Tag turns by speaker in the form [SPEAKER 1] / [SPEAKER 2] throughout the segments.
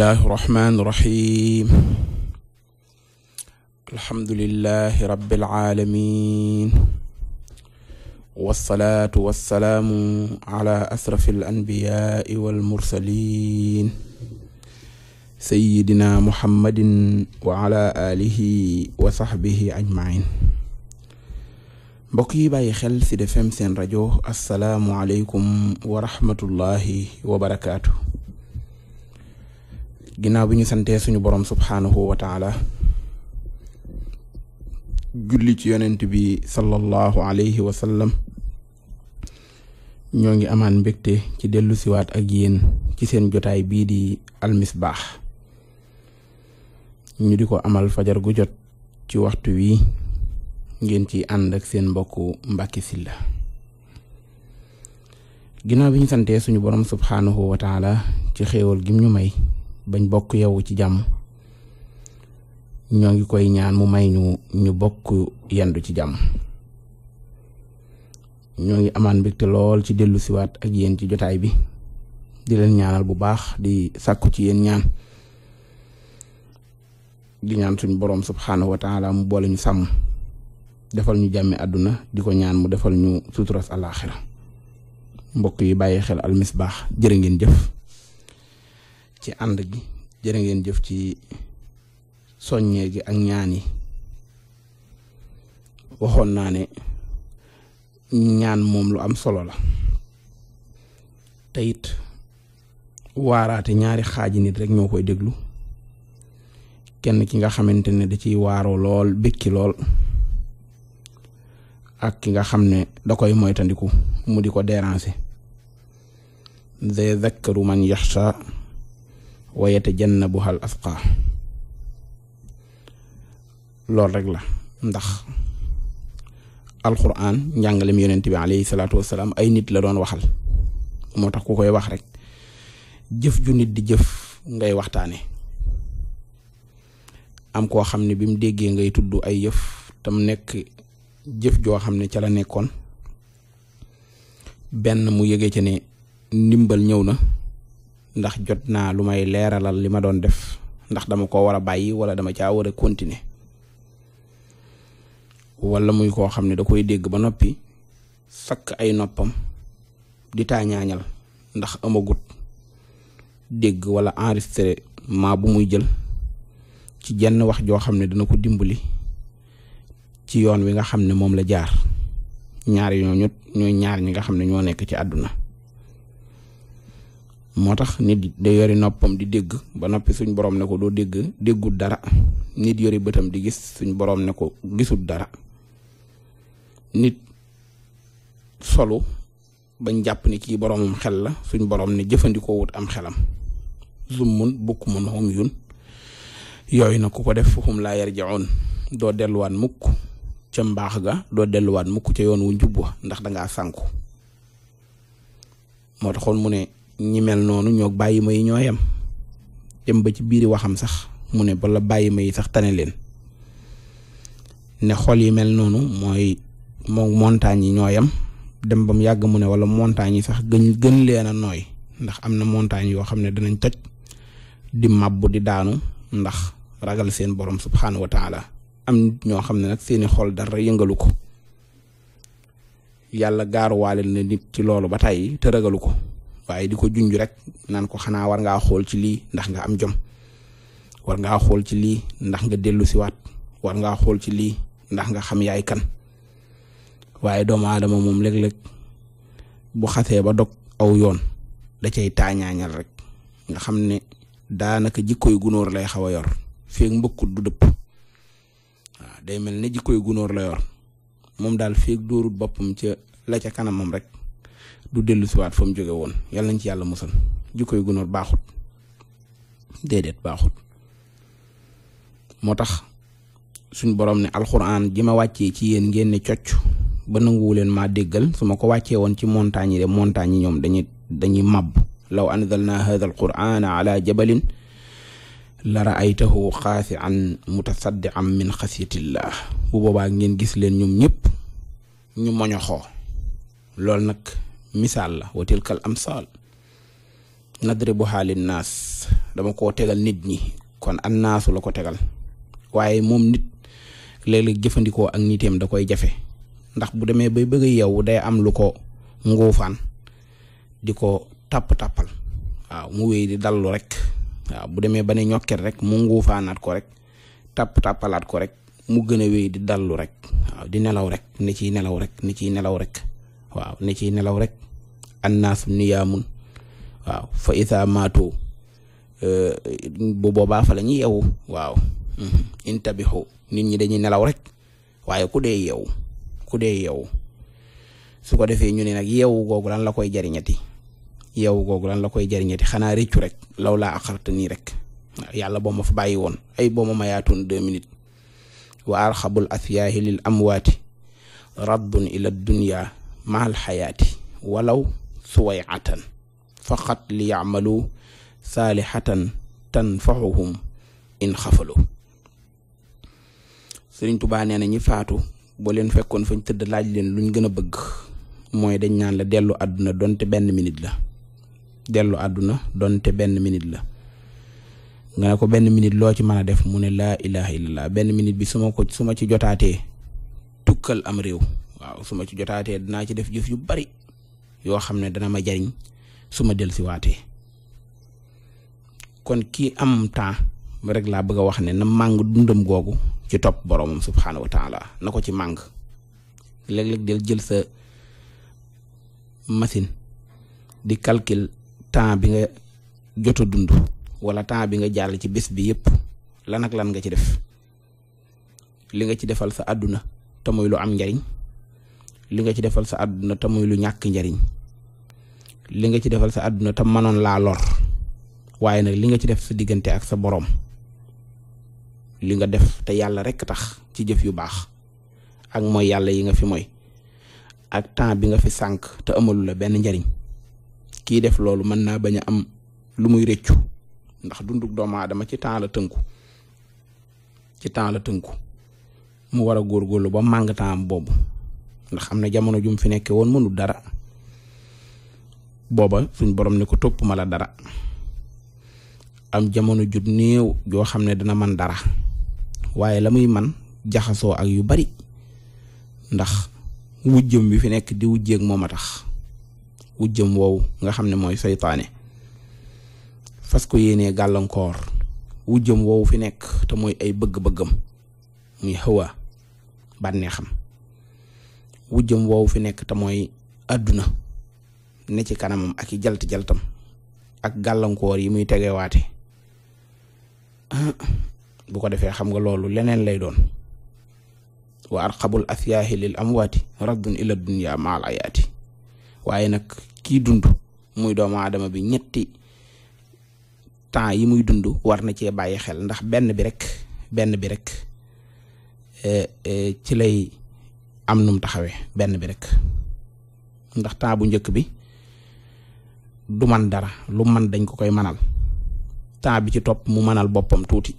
[SPEAKER 1] bismillahi rahmaani rahiim alhamdulillahi rabbil aalamiin wassalaatu wassalaamu ala asrafil anbiyaai wal mursaliin sayyidina muhammadin wa ala aalihi wa saxbihi ajmain mbokk yi bàyyi xel ci Sud FM seen rajo asalaamualeykum wa rahmatullahi wa barakaatu. ginnaaw bi ñu santee suñu borom subhaanahu wa taala julli ci yonent bi sallallahu alayhi wa sallam ñoo ngi amaan mbégte ci dellu siwaat ak yéen ci seen jotaay bii di almisbaax ñu di ko amal fajargu jot ci waxtu wi ngeen ci ànd ak seen mbokku Mbàkke Sylla ginnaaw bi ñu santee suñu borom subhaanahu wa ci xéewal gim ñu may bañ bokk yeewu ci jàmm ñoo ngi koy ñaan mu may ñu ñu bokk yendu ci jàmm ñoo ngi amaan mbégte lool ci dellu siwaat ak yéen ci jotaay bi di leen ñaanal bu baax di sàkku ci yéen ñaan di ñaan suñu boroom subxanahu wa mu boole ñu sàmm defal ñu jàmmi àdduna di ko ñaan mu defal ñu suturas àllaaxira mbokk yi bàyyi xel almisbaax jërë ngeen jëf. ci ànd gi jërë ngeen jëf ci soññee gi ak ñaani yi waxoon naa ne ñaan moom lu am solo la te it ñaari xaaji nit rek ñoo koy déglu kenn ki nga xamante ne da ciy waaroo lool békki lool ak ki nga xam ne da koy moytandiku mu di ko déranger. zayadakkaru man jenn yatajannabuha al atqa loolu rek la ndax alquran njàngalem yonent bi alayhi salaatu wasalaam ay nit la doon waxal moo tax ku koy wax rek jëf ju nit di jëf ngay waxtaane am koo xam ne bi mu déggee ngay tudd ay yëf tam nekk jëf joo xam ne ca la nekkoon benn mu yëgee ca ne ndimbal ñëw na ndax jot naa lu may leeralal li ma doon def ndax dama ko war a bàyyi wala dama caa war a continuer wala muy koo xam ne da koy dégg ba noppi sakk ay noppam di taañaañal ndax amagut dégg wala ma bu muy jël ci jenn wax joo xam ne dana ko dimbali ci yoon wi nga xam ne moom la jaar ñaar ñooñu ñooy ñaar ñi nga xam ne ñoo nekk ci àdduna moo tax nit da yori noppam di dégg ba noppi suñ borom ne ko doo dégg déggul dara nit yori bëtam di gis suñ borom ne ko gisul dara nit solu bañ jàpp ni ki boromum xel la suñ borom ne jëfandikoo wut am xelam zummun bukmun umyun yooyu na ku ko def hum laa yarji'un doo delluwaat mukk ca mbaax ga doo delluwaat mukk ca yoon wu njub wa ndax dangaa sànku moo taxoon mu ne ñi mel noonu ñoo bàyyi ma yi ñoo yam dem ba ci biiri waxam sax mu ne bala bàyyi ma sax tane leen ne xol yi mel noonu mooy moom montagne yi ñoo yem dem ba mu yàgg mu ne wala montagne yi sax gën leen a nooy ndax am na montagne yoo xam ne danañ toj di màbbu di daanu ndax ragal seen borom subxanahu am ñoo xam ne nag seeni xol dara yëngalu ko yàlla gaaruwaale na nit ci loolu ba tàyyi te ragalu ko. waaye di ko junj rek naan ko xanaa war ngaa xool ci lii ndax nga am jom war ngaa xool ci lii ndax nga dellu siwaat war ngaa xool ci lii ndax nga xam yaay kan waaye doomu aadama moom lek léeg bu xasee ba dog aw yoon da cay taañaañal rek nga xam ne daanaka jikkoy gunóor lay xaw a yor feeg mbëkkut du dëpp waaw day mel ne jikkoy gunóor la yor moom daal feeg dóorut boppam ca la ca kanamam rek du dellu siwaat fa mu jóge woon yàlla ci yàlla musal jikkoy gunóor baaxut déedéet baaxut moo tax suñ boroom ne alxuraan ji ma wàccee ci yéen ngeen ne cocc ba nanguwu leen maa déggal su ma ko wàccee woon ci montagne yi de montagne yi ñoom dañuy dañuy màbb law anzalna hadha alqurana ala jabalin la raaytahu xaasian mutasaddian min xasiyatillah bu booba ngeen gis leen ñoom ñëpp ñu moñoxoo loolu nag misaal la wa tilkal amsaal nadribuhaa naas dama ko tegal nit ñi kon an naasu la ko tegal waaye moom nit léeg-léeg jëfandikoo ak niteem da koy jafe ndax bu demee bay bëgg yow day am lu ko nguufaan di ko tàpp-tàppal mu wéy di dallu rek bu demee ba ne ñokket rek mu nguufaanaat ko rek tàpp-tàppalaat ko rek mu gën a wéy di dallu rek waaw di nelaw rek ni ciy nelaw rek ni ciy nelaw rek waaw ne ciy nelaw rek annaasu niyaamun waaw fa isaa maatu eh, bu boobaa fa la ñuy yeewu waaw mhm. intabixu nit ñi dañuy nelaw rek waaye ku dee yeewu ku dee yeewu su ko defee ñu ne nag yeewu googu lan la koy jariñati yeewu googu lan la koy jariñati xanaa réccu rek law laa axarta nii rek yàlla boo ma fa ay boo ma mayaatoon deux minutes wa arxabul asiyaahi lil amwaati ila dunya maal xayaati walaw suwayatan faqat li yacmalu saalihatan tanfaxuhum in xafalo sëriñ tubaa nee na ñi faatu boo leen fekkoon fañ tëdd laaj leen luñ gën a bëgg mooy dañ naan la dellu àdduna donte benn minit la dellu àdduna donte benn minit la nga benn minit loo ci mën def mu ne laa ilaha benn minit bi suma ko su ma ci jotaatee tukkal am réew waaw su ma ci jotaatee dinaa ci def jëf yu bari yoo xam ne dana ma jariñ su ma dellusiwaatee kon kii am temps rek laa bëgg a wax ne na màng dundam googu ci topp boroomam subxanahu wa taala na ko ci màng léeg-léeg del jël sa machine di calcul temps bi nga joto dund wala temps bi nga jàll ci bés bi yépp lan ak lan nga ci def li nga ci defal sa àdduna te muy lu am njariñ li nga ci defal sa àdduna te muy lu ñàkk njariñ li nga ci defal sa àdduna te mënoon laa lor waaye nag li nga ci def sa diggante ak sa boroom li nga def te yàlla rekk tax ci jëf yu baax ak mooy yàlla yi nga fi mooy ak temps bi nga fi sànq te amalu la benn njariñ kii def loolu mën naa bañ a am lu muy rëccu ndax dunduk doomaa dama ci temps la tënku ci temps la tënku mu war a góorgóorlu ba màng temps am boobu ndax am na jamono jum fi nekkee woon mënul dara booba suñ borom ne ko topp ma la dara am jamono ju néew joo xam ne dana man dara waaye la muy man jaxasoo ak yu bari ndax wujjëm bi fi nekk di wujjeeg moom a tax wujjëm woowu nga xam ne mooy seytaane fas ko yéenee gàllankoor wujjëm woowu fi nekk te mooy ay bëgg-bëggam muy xëwa bànneexam wujjam woowu fi nekk ta mooy àdduna ne ci kanamam ak i jalt jaltam ak gàllankoor yi muy tegewaate ah, bu ko defee xam nga loolu leneen lay doon wa arqabul athiyaahi lil amwaati raddun ila dunya maal ayaati waaye nag ki dund muy doomu aadama bi ñetti temps yi muy dund war na cee bàyyi xel ndax benn bi rek benn bi rek eh, eh, ci lay am nu mu taxawee benn bi rek ndax temps bu njëkk bi du man dara lu man dañ ko koy manal temps bi ci topp mu manal boppam tuuti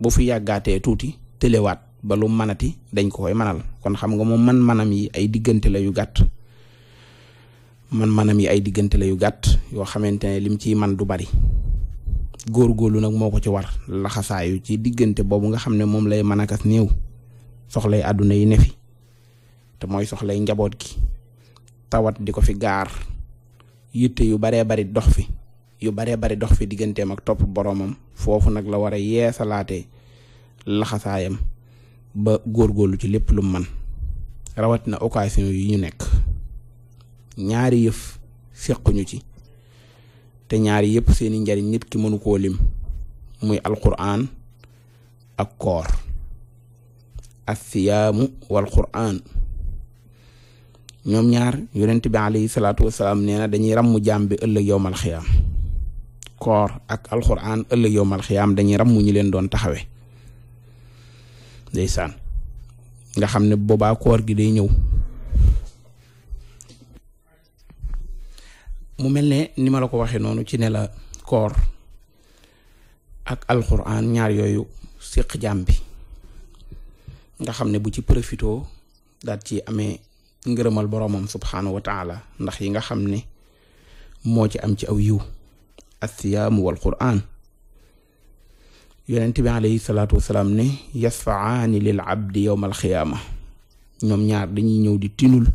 [SPEAKER 1] bu fi yàggaatee tuuti tëlewaat ba lu manati dañ ko koy manal kon xam nga moom man manam yi ay diggante la yu gàtt man manam yi ay diggante la yu gàtt yoo xamante ne lim ciy man du bari góor góorlu nag moo ko ci war laxasaayu ci diggante boobu nga xam ne moom lay manakas néew soxlay àdduna yi ne te mooy soxlay njaboot gi tawat di ko fi gaar yitte yu baree bari dox fi yu baree bari dox fi digganteem ak topp boroomam foofu nag la war a yeesalaatee laxasaayam ba góorgóorlu ci lépp lu man na occasion yu ñu nekk ñaari yëf sequñu ci te ñaari yëpp seeni njariñ nit ki mënu koo lim muy alquran ak koor assiyaamu wal quran ñoom ñaar yonent bi alayhi salaatu wasalaam nee na dañuy ràmm jaam bi ëllëg yowmal xiyaam koor ak alxuraan ëllëg yowmal xiyaam dañuy ràmm ñu leen doon taxawe ndeysaan nga xam ne boobaa koor gi day ñëw mu mel ne ni ma la ko waxee noonu ci ne la koor ak alxuraan ñaar yooyu séq jaam bi nga xam ne bu ci profitoo daat ci amee ngërëmal boromam subxanahu wa ndax yi nga xam ne moo ci am ci aw yiw asiyaamu wal quraan yonent bi alayhi salaatu wasalaam ne yasfaani lil abdi yowmal xiyaama ñoom ñaar dañuy ñëw di tinul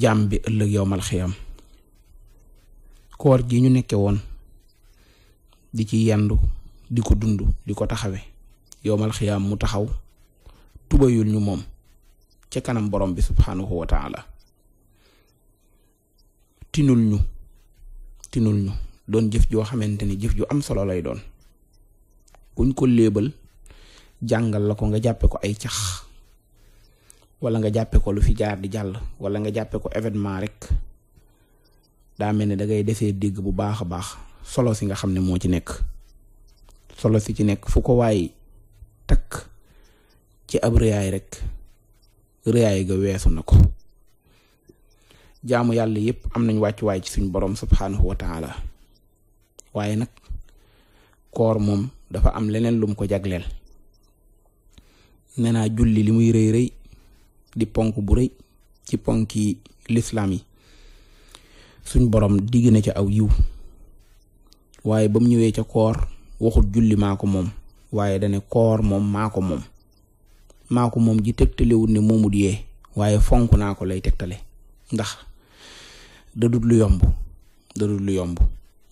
[SPEAKER 1] jaam bi ëllëg yowmal xiyaam koor gi ñu nekke woon di ci yendu di ko dund di ko taxawe yowmal xiyaam mu taxaw tubayul ñu moom ca kanam borom bi subhanahu wa taala tinul ñu tinul ñu doon jëf joo xamante ni jëf ju am solo lay doon kuñ ko léebal jàngal la ko nga jàppe ko ay cax wala nga jàppe ko lu fi jaar di jàll wala nga jàppe ko événement rek daa mel ne da ngay desee dégg bu baax a baax solo si nga xam ne moo ci nekk solo si ci nekk fu ko waay takk ci ab rëyaay rek rëyaay ga weesu na ko jaamu yàlla yépp am nañ wàccuwaay ci suñ borom subhaanahu wa taala waaye nag koor moom dafa am leneen lum ko jagleel nee julli li muy rëy rëy di ponk bu rëy ci ponk yi lislaam yi suñ boroom digg na ca aw yiw waaye ba mu ñëwee ca koor waxut julli maa moom waaye dane koor moom maa ko moom maa ko moom ji tegtalewul ne moomut yee waaye fonk naa ko lay tegtale ndax dadut lu yomb dadut lu yomb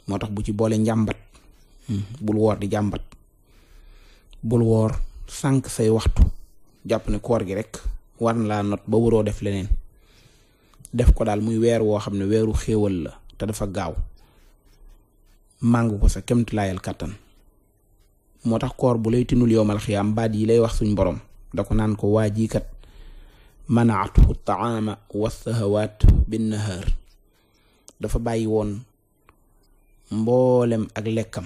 [SPEAKER 1] moo tax bu ci boole njàmbat hmm, bul woor di jàmbat bul woor sànq say waxtu jàpp ne koor gi rek war na laa not ba waroo def leneen def ko daal muy weer woo xam ne weeru xéewal la te dafa gaaw màng ko sa kemtulaayal kàttan moo tax koor bu lay tinul yowmal xiyaam baat yi lay wax suñ boroom da naan ko waa jiikat manaathu taama wa sahawaat binnahaar dafa bàyyi woon mboolem ak lekkam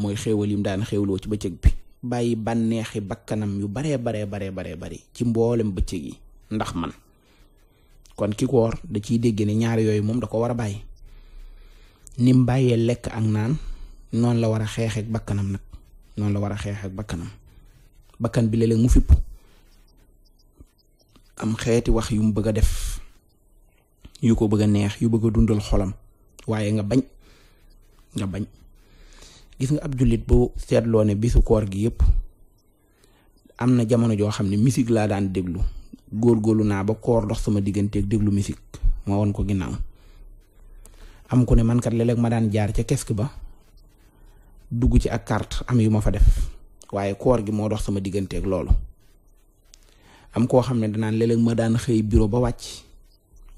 [SPEAKER 1] mooy xéewal yim daan xéewloo ci bëccëg bi bàyyi bànneexi bakkanam yu baree baree baree bare bari ci mboolem bëccëg yi ndax man kon ki koor da ciy dégg ne ñaar yooyu moom da ko war a bàyyi ni mu bàyyee lekk ak naan noonu la war a xeexeek bakkanam nag noonu la war a xeexeek bakkanam bakkan bi léeg mu fipp am xeeti wax yu mu bëgg a def yu ko bëgg a neex yu bëgg a dundal xolam waaye nga bañ nga bañ gis nga ab jullit bu seetloo ne bisu koor gi yépp am na jamono joo xam ne musique laa daan déglu góor góorgóorlu naa ba koor dox sama digganteeg déglu musique ma won ko ginnaaw am ku ne man kat ma daan jaar ca kesk ba dugg ci ak carte am yu ma fa def waaye koor gi moo dox sama digganteeg loolu am koo xam ne danaan léeg ma daan xëy bureau ba wàcc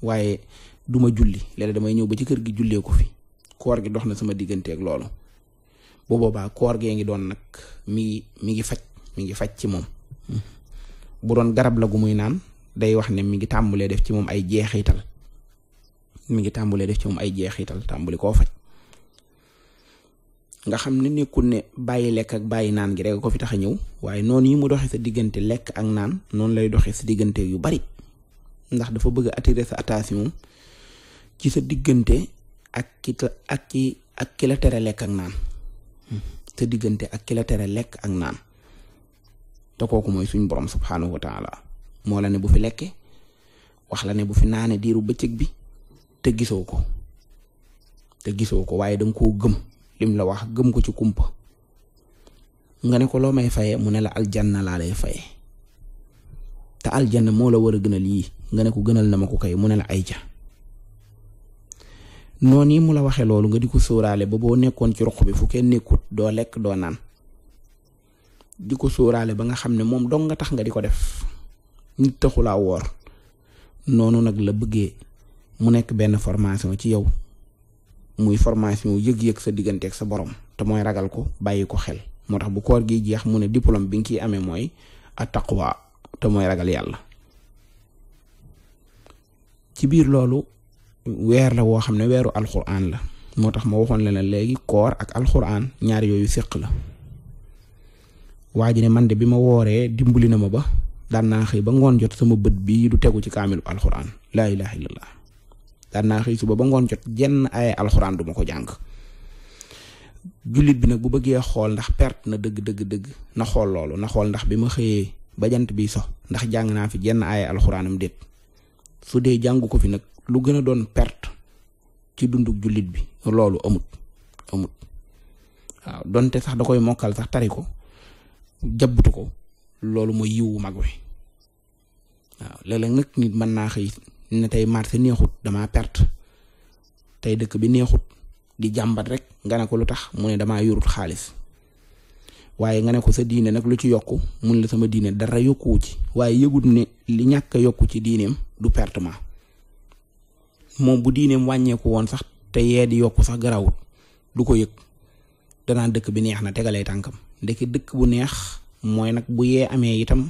[SPEAKER 1] waaye duma ma julli léeg damay ñëw ba ci kër gi jullee ko fi koor gi dox na sama digganteeg loolu bu boobaa koor gee ngi doon nag mi ngi mi ngi faj mi ngi faj ci moom bu doon garab la gu muy naan day wax ne mi ngi tàmbulee def ci moom ay jeexital mi ngi tàmbulee def ci moom ay jeexital tàmbuli koo faj nga xam ne nekkul ne bàyyi lekk ak bàyyi naan gi rek ko tax a ñëw waaye noonu yi mu doxee sa diggante lekk ak naan noonu lay doxee sa diggante yu bari ndax dafa bëgg a sa attention ci sa diggante ak ki ki ak ki la tere lekk ak naan sa diggante ak ki lekk ak naan te kooku mooy suñ borom subhaanahu wa taala moo la ne bu fi lekke wax la ne bu fi naane diiru bëccëg bi te gisoo ko te gisoo ko waaye danga koo gëm lim la wax gëm ko ci kump nga ne ko loo may fayee mu ne la aljanna laa lay fayee te aljanna moo la war a gënal yii nga ne ko gënal na ma ko kay mu ne la ay ja noonu yi mu la waxee loolu nga di ko sóoraale ba boo nekkoon ci roq bi fu kenn nekkut doo lekk doo naan di ko sóoraale ba nga xam ne moom dong nga tax nga di ko def nit taxulaa woor noonu nag la bëggee mu nekk benn formation ci yow muy formation yëg-yëg sa diggante sa borom te mooy ragal ko bàyyi ko xel moo tax bu koor gi jeex mu ne diplôme bi nga ciy amee mooy attaqwa te mooy ragal yàlla ci biir loolu weer la woo xam ne weeru alxuraan la moo tax ma waxoon la ne léegi koor ak alxuraan ñaar yooyu séq la waa ji ne man de bi ma wooree dimbali na ma ba daan naa xëy ba ngoon jot sama bët bii du tegu ci kaamilu alxuraan laa ilaaha illallah daan naa xëy suba ba ngoon jot jenn ay alxuraan du ko jàng jullit bi nag bu bëggee xool ndax perte na dëgg dëgg dëgg na xool loolu na xool ndax bi ma xëyee bajant bi so ndax jàng naa fi jenn ay alxuraanam déet su dee jàngu ko fi nag lu gën a doon perte ci dundu jullit bi loolu amut amut waaw donte sax da koy mokkal sax tari ko jabbutu ko loolu mooy yiwu mag wi waaw léeg-léeg nag nit mën naa xëy ne tey marché neexut damaa perte tey dëkk bi neexut di jàmbat rek nga ne ko lu tax mu ne damaa yorut xaalis waaye nga ne ko sa diine nag lu ci yokku mun la sama diine dara yokkuwu ci waaye yëgut ne li ñàkk a yokku ci diineem du ma moom bu diineem wàññeeku woon sax te yee di yokk sax garawut du ko yëg danaan dëkk bi neex na tegalee tànkam ndeke dëkk bu neex mooy nag bu yee amee itam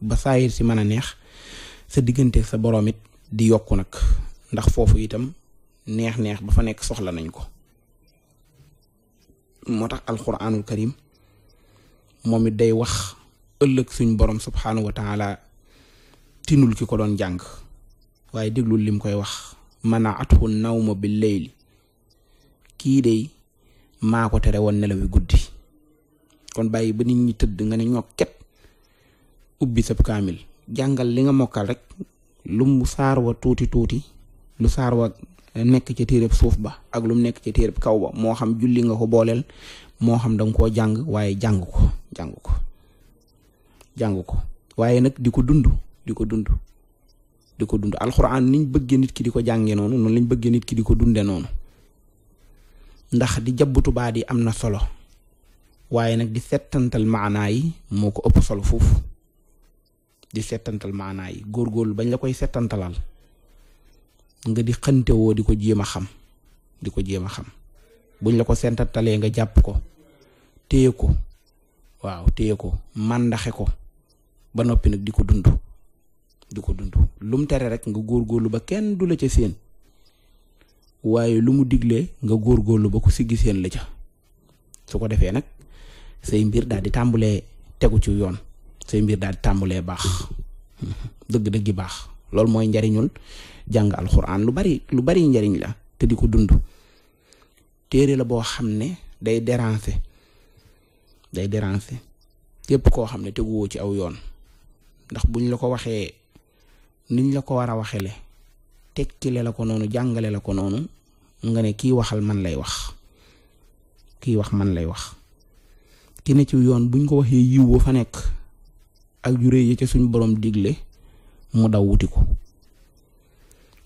[SPEAKER 1] ba saayir si mën a neex sa diggante sa boromit di yokku nag ndax foofu itam neex-neex ba fa nekk soxla nañ ko moo tax alquranul karim moom it day wax ëllëg suñ borom subhaanahu wa taala tinul ki ko doon jàng waaye déglul lim koy wax manaathu nawma bil leyli kii day maa ko tere woon nelawi guddi kon bàyyi ba nit ñi tëdd nga ne ñokket ubbi sab kaamil jàngal li nga mokkal rek lum saar wa tuuti tuuti lu saar wa nekk ci téereb suuf ba ak lum nekk ci téereb kaw ba moo xam julli nga ko booleel moo xam danga koo jàng waaye jàng ko jàng ko jàng ko waaye nag di ko dund di ko dund di ko dund alxuraan niñ bëggee di ko jàngee noonu noonu lañ bëggee nit ki di ko dunde noonu ndax di jabbutu baat yi am na solo waaye nag di settantal maanaa yi moo ko ëpp solo foofu di setantal maanaa yi góorgóorlu bañ la koy setantalal nga di xëntewoo di ko jéem a xam di ko jéem a xam buñ la ko setantalee nga jàpp ko téye ko waaw téye ko màndaxe ko ba noppi nag di ko dund di ko dund lu mu tere rek nga góor góorlu ba kenn du la ca seen waaye lu mu digle nga góorgóorlu ba ku siggi seen la ca su ko defee nag say mbir daal di tàmbulee tegu ci yoon say mbir daal di tàmbalee baax dëgg-dëggi baax loolu mooy njariñul jàng alxuraan lu bari lu bari njariñ la te di ko dund téere la boo xam ne day déranger day déranger képp koo xam ne teguwoo ci aw yoon ndax buñ la ko waxee niñ la ko war a waxele tekkile la ko noonu jàngale la ko noonu nga ne kii waxal man lay wax kii wax man lay wax ki ne ci yoon buñ ko waxee yiw wa fa nekk ak yu rëy yi suñ borom digle mu daw wuti ko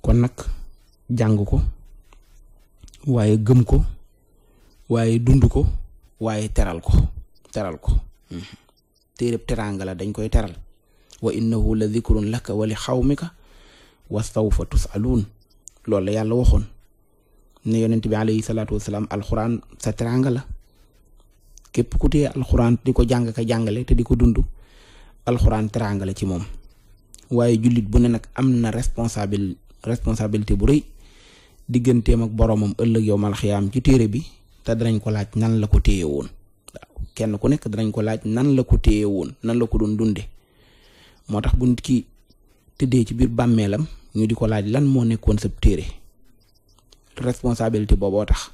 [SPEAKER 1] kon nag jàng ko waaye gëm ko waaye dund ko waaye teral ko teral ko mm-hmm. téereb teraanga la dañ koy teral wa innahu la dikrun laka wa li xawmika wa sawfa tusaluun loolu la yàlla waxoon ne yonent bi alayhi salaatu wasalaam alxuraan sa teraanga la képp ku téye alxuraan di ko jàng ka jàngale te di ko dund alxuraan teraanga la ci moom waaye jullit bu ne nag am na responsabil responsabilité bu rëy digganteem ak boromam ëllëg yow malxiyaam ci téere bi te danañ ko laaj nan la ko téye woon kenn ku nekk danañ ko laaj nan la ko woon nan la ko doon dunde moo tax bu nit ki tëddee ci biir bàmmeelam ñu di ko laaj lan moo nekkoon sab téere responsabilité booboo tax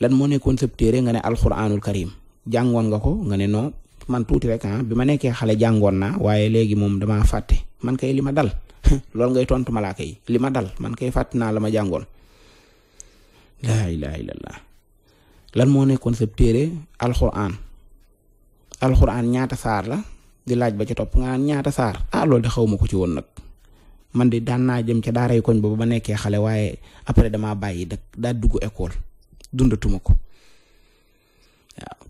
[SPEAKER 1] lan moo nekkoon sab nga ne alxuraanul karim jàngoon nga ko nga ne non man tuuti rek ah bi ma nekkee xale jàngoon naa waaye léegi moom damaa fàtte man kay li ma dal loolu ngay tontu malaaka yi li ma dal man kay fàtte naa la ma jàngoon laa ilaha illallah lan moo nekkoon sa téere alxuraan alxuraan ñaata saar la di laaj ba ca topp nga naan ñaata saar ah loolu de xaw ma ko ci woon nag man de daan naa jëm ca daaray koñ boobu ba ma nekkee xale waaye après damaa bàyyi da daa dugg école dundatuma ko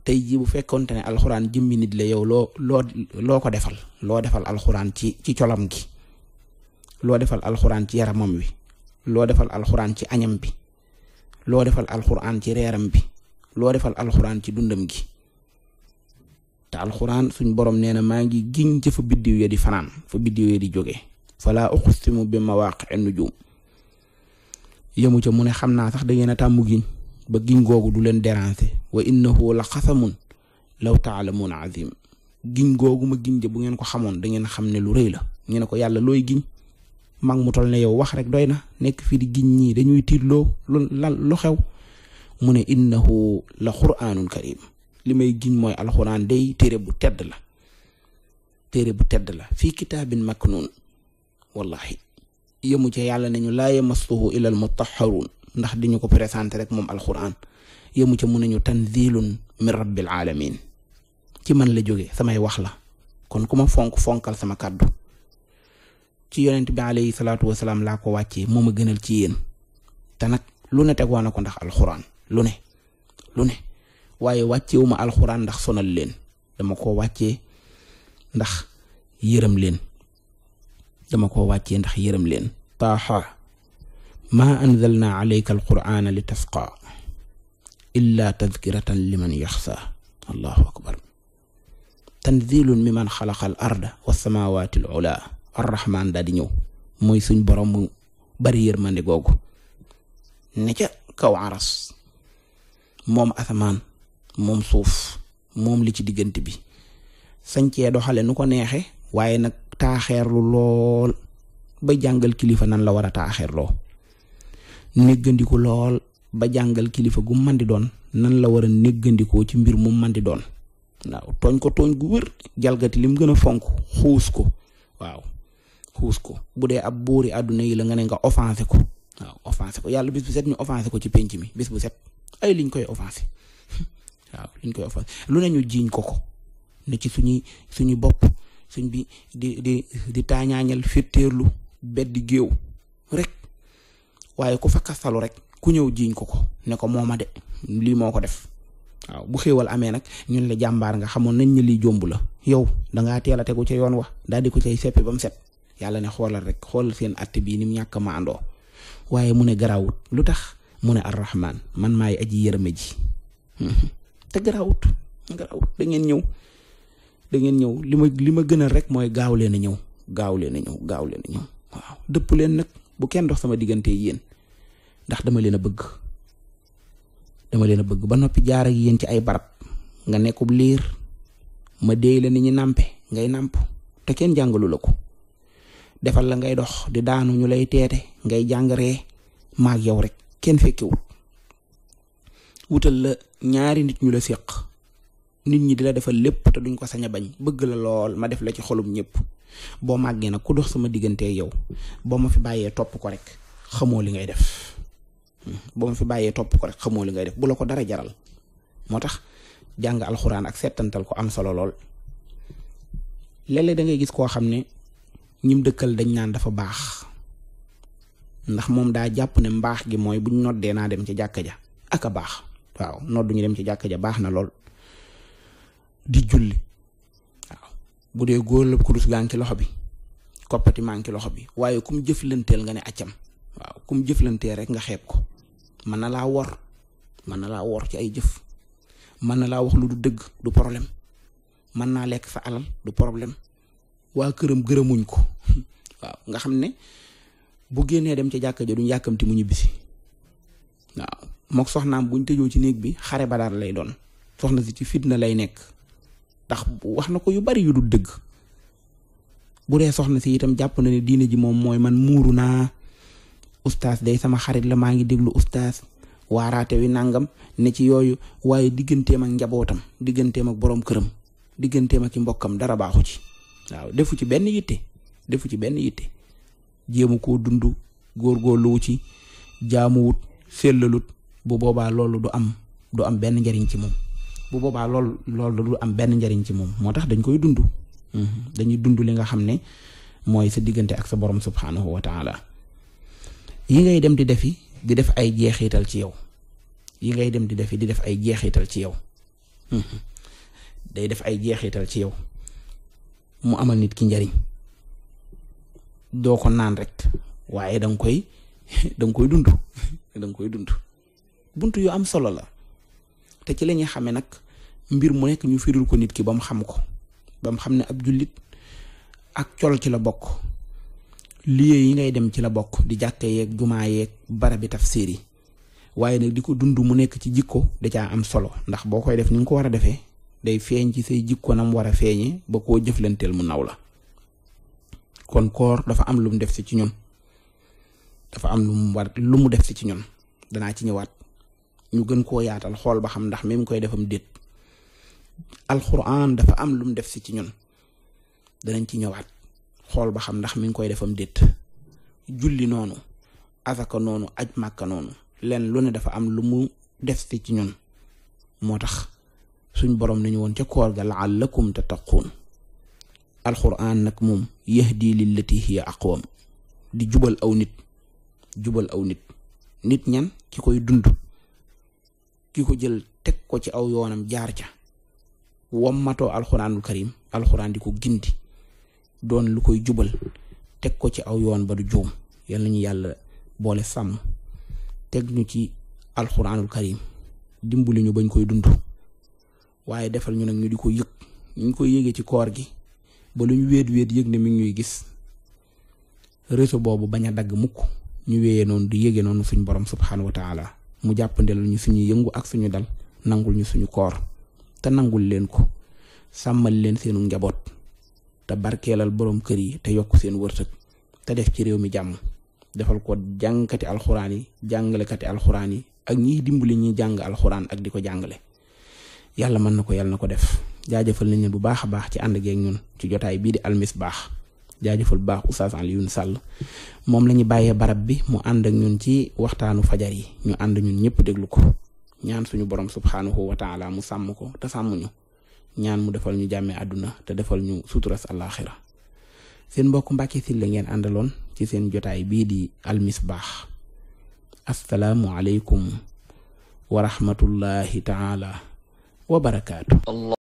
[SPEAKER 1] tey jii bu fekkonte ne alxuraan jëmmi nit la yow loo loo loo ko defal loo defal alxuraan ci ci colam gi loo defal alxuraan ci yaramam wi loo defal alxuraan ci añam bi loo defal alxuraan ci reeram bi loo defal alxuraan ci dundam gi te alxuraan suñ borom nee na maa ngi giñ ci fa biddiw ya di fanaan fa biddiw ya di jóge falaa uqsimu bi mawaaqi'i nujum yemu ca mu ne xam naa sax da ngeen a giñ ba giñ googu du leen déranger wa innahu la xasamun law taalamun azim giñ googu ma giñ de bu ngeen ko xamoon da ngeen xam ne lu rëy la ñu ne ko yàlla looy giñ mag mu toll ne yow wax rek doy na nekk fii di giñ ñii dañuy tiit loo lan lu xew mu ne innahu la quraanun karim li may giñ mooy alxuraan day téere bu tedd la téere bu tedd la fii kitaabin maknuun wallahi yemu ca yàlla nañu laa yamassuhu illa almutahharuun ndax di ñu ko présenté rek moom alxuraan alquran mu ca mu nañu tanzilun min rabbil alamin ci man la jóge samay wax la kon ku ma fonk fonkal sama kàddu ci yonent bi alayhi salaatu wasalaam laa ko wàccee moo ma gënal ci yéen te nag lu ne teg waa ko ndax alxuraan lu ne lu ne waaye wàccewu alxuraan ndax sonal leen dama koo wàcce ndax yërëm leen dama ko wàccee ndax yërëm leen taaxa maa anzalna alayka alqur'ana li tasqa illa tadkiratan liman yaxsa allahu akbar tanzilun mi man xalaqa al arda wa samawati al ula arrahman daa di ñëw mooy suñ borom mu bari yërmande googu ne ca kaw aras moom asamaan moom suuf moom li ci diggante bi sañcee doxale nu ko neexe waaye nag taaxeerlu lool ba jàngal kilifa nan la war a taaxeerloo néggandiku lool ba jàngal kilifa gu mën di doon nan la war a néggandikoo ci mbir mu mën di doon waaw tooñ ko tooñ gu wër jalgati lim gën a fonk xuus ko waaw xuus ko bu dee ab buuri àdduna yi la nga ne nga offensé ko waaw offensé ko yàlla bis bu set ñu offensé ko ci penc mi bis bu set ay liñ koy offensé waaw liñ koy offensé lu ne ñu jiiñ ko ko ne ci suñuy suñu bopp suñ bi di di di taañaañal féttéerlu beddi géew rek waaye ku fa kastalu rek ku ñëw jiiñ ko ko ne ko mooma de lii moo ko def waaw bu xéewal amee nag ñun la jàmbaar nga xamoon nañ ne lii jomb la yow danga teel a tegu ca yoon wa daal di ko cay seppi ba mu set yàlla ne xoolal rek xool seen att bii ni ñàkk ma àndoo waaye mu ne garaawut lu tax mu ne arrahman man maay aji yërëme ji te garaawut garaawut da ngeen ñëw da ngeen ñëw li ma li ma gënal rek mooy gaaw leen a ñëw gaaw leen a ñëw gaaw leen a dëpp leen nag bu kenn dox sama diggante yéen ndax dama leen a bëgg dama leen a bëgg ba noppi jaar ak yéen ci ay barab nga nekkub liir ma déey la ni ñu nàmpe ngay nàmp te kenn jàngalu la ko defal la ngay dox di daanu ñu lay teete ngay jàngaree maag yow rek kenn fekkewut wutal la ñaari nit ñu la séq nit ñi di la defal lépp te duñ ko sañ a bañ bëgg la lool ma def la ci xolum ñëpp boo màggee nag ku dox sama diggante yow boo ma fi bàyyee topp ko rek xamoo li ngay def boo ma fi bàyyee topp ko rek xamoo li ngay def bu la ko dara jaral moo tax jàng alxuraan ak setantal ko am solo lool léeg-léeg da ngay gis koo xam ne ñim dëkkal dañ naan dafa baax ndax moom daa jàpp ne mbaax gi mooy buñ noddee naa dem ci jàkka ja ak a baax waaw noddu ñu dem ci jàkka ja baax na lool di julli waaw bu dee góor la kurus gaa ngi loxo bi koppati maa ci loxo bi waaye kum jëflanteel nga ne accam waaw kum jëflanteel rek nga xeeb ko mën na laa wor mën na laa wor ci ay jëf mën na laa wax lu du dëgg du problème mën naa lekk sa alal du problème waa këram gërëmuñ ko waaw nga xam ne bu génnee dem ca jàkka ja duñ yàkkamti mu ñibbisi waaw mook soxnaam buñ tëjoo ci néeg bi xare ba daal lay doon soxna si ci fitna lay nekk ndax wax na ko yu bari yu du dëgg bu dee soxna si itam jàpp na ne diine ji moom mooy man muuru naa oustaz day sama xarit la maa ngi déglu oustaz waaraate wi nangam ne ci yooyu waaye digganteem ak njabootam digganteem ak boroom këram digganteem ak i mbokkam dara baaxu ci waaw defu ci benn yitte defu ci benn yitte jéemu ko dund góor góorgóorluwu ci jaamuwut sellalut bu boobaa loolu du am du am benn njariñ ci moom bu boobaa lool loolu du am benn njariñ ci moom moo tax dañ koy dund mhm. dañuy dund li nga xam ne mooy sa diggante ak sa borom subhanahu wa yi ngay dem di defi di def ay jeexital ci yow yi ngay dem di def defi di def ay jeexital ci yow mhm. day def ay jeexital ci yow mu amal nit ki njariñ doo ko naan rek waaye danga koy danga koy dund danga koy dund bunt yu am solo la te ci la ñuy xamee nag mbir mu nekk ñu firil ko nit ki ba mu xam ko ba mu xam ne ab jullit ak col ci la bokk lieu yi ngay dem ci la bokk di jàkka yeeg jumaa yeeg barabi tafsiir yi waaye nag di ko dund mu nekk ci jikko da caa am solo ndax boo koy def ni nga ko war a defee day feeñ ci say jikko nam war a feeñee ba koo jëflanteel mu naw la kon koor dafa am lu def si ci ñun dafa am lu mu lu mu def si ci ñun danaa ci ñëwaat ñu gën koo yaatal xool ba xam ndax mi mu koy defam déet alxuraan dafa am lu def si ci ñun danañ ci ñëwaat xool ba xam ndax mi ngi koy defam déet julli noonu azaka noonu aj màkka noonu lenn lu ne dafa am lu mu def ci ñun moo tax suñ borom nañu woon ca koor ga laallakum tattaquun alquran nag moom yahdi lillati hiya aqwam di jubal aw nit jubal aw nit nit ñan ki koy dund ki ko jël teg ko ci aw yoonam jaar ca wammatoo alxuraanul karim alxuraan di ko gindi doon lu koy jubal teg ko ci aw yoon ba du juum yal nañu yàlla boole sàmm teg ñu ci alxuraanul karim dimbali ñu bañ koy dund waaye defal ñu nag ñu di ko yëg ñu koy yëgee ci koor gi ba lu ñu wéet wéet yëg ne mi ngi ñuy gis réseau boobu bañ a dagg mukk ñu wéyee noonu di yëgee noonu suñu borom subxanahu wa taala mu jàppandel ñu suñu yëngu ak suñu dal nangul ñu suñu koor te nangul leen ko sàmmal leen seenu njaboot. te barkeelal boroom kër yi te yokk seen wërsëg te def ci réew mi jàmm defal ko jàngkati alxuraan yi jàngalekati alxuraan yi ak ñiy dimbali ñuy jàng alxuraan ak di ko jàngale yàlla mën na ko yàlla na ko def jaajëfal nañ ne bu baax a baax ci ànd geeg ñun ci jotaay bii di almisbaax jaajëfal baax oustaz Alioune sàll moom la ñu bàyyee barab bi mu ànd ak ñun ci waxtaanu fajar yi ñu ànd ñun ñëpp déglu ko ñaan suñu borom subxanahu wa taala mu sàmm ko te sàm ñu. ñaan mu defal ñu jàmmee àdduna te defal ñu suturas àllaaxira seen mbokk Mbàkke Sylla ngeen àndaloon ci seen jotaay bii di almisbaax asalaamualeykum wa rahmatullahi taala wa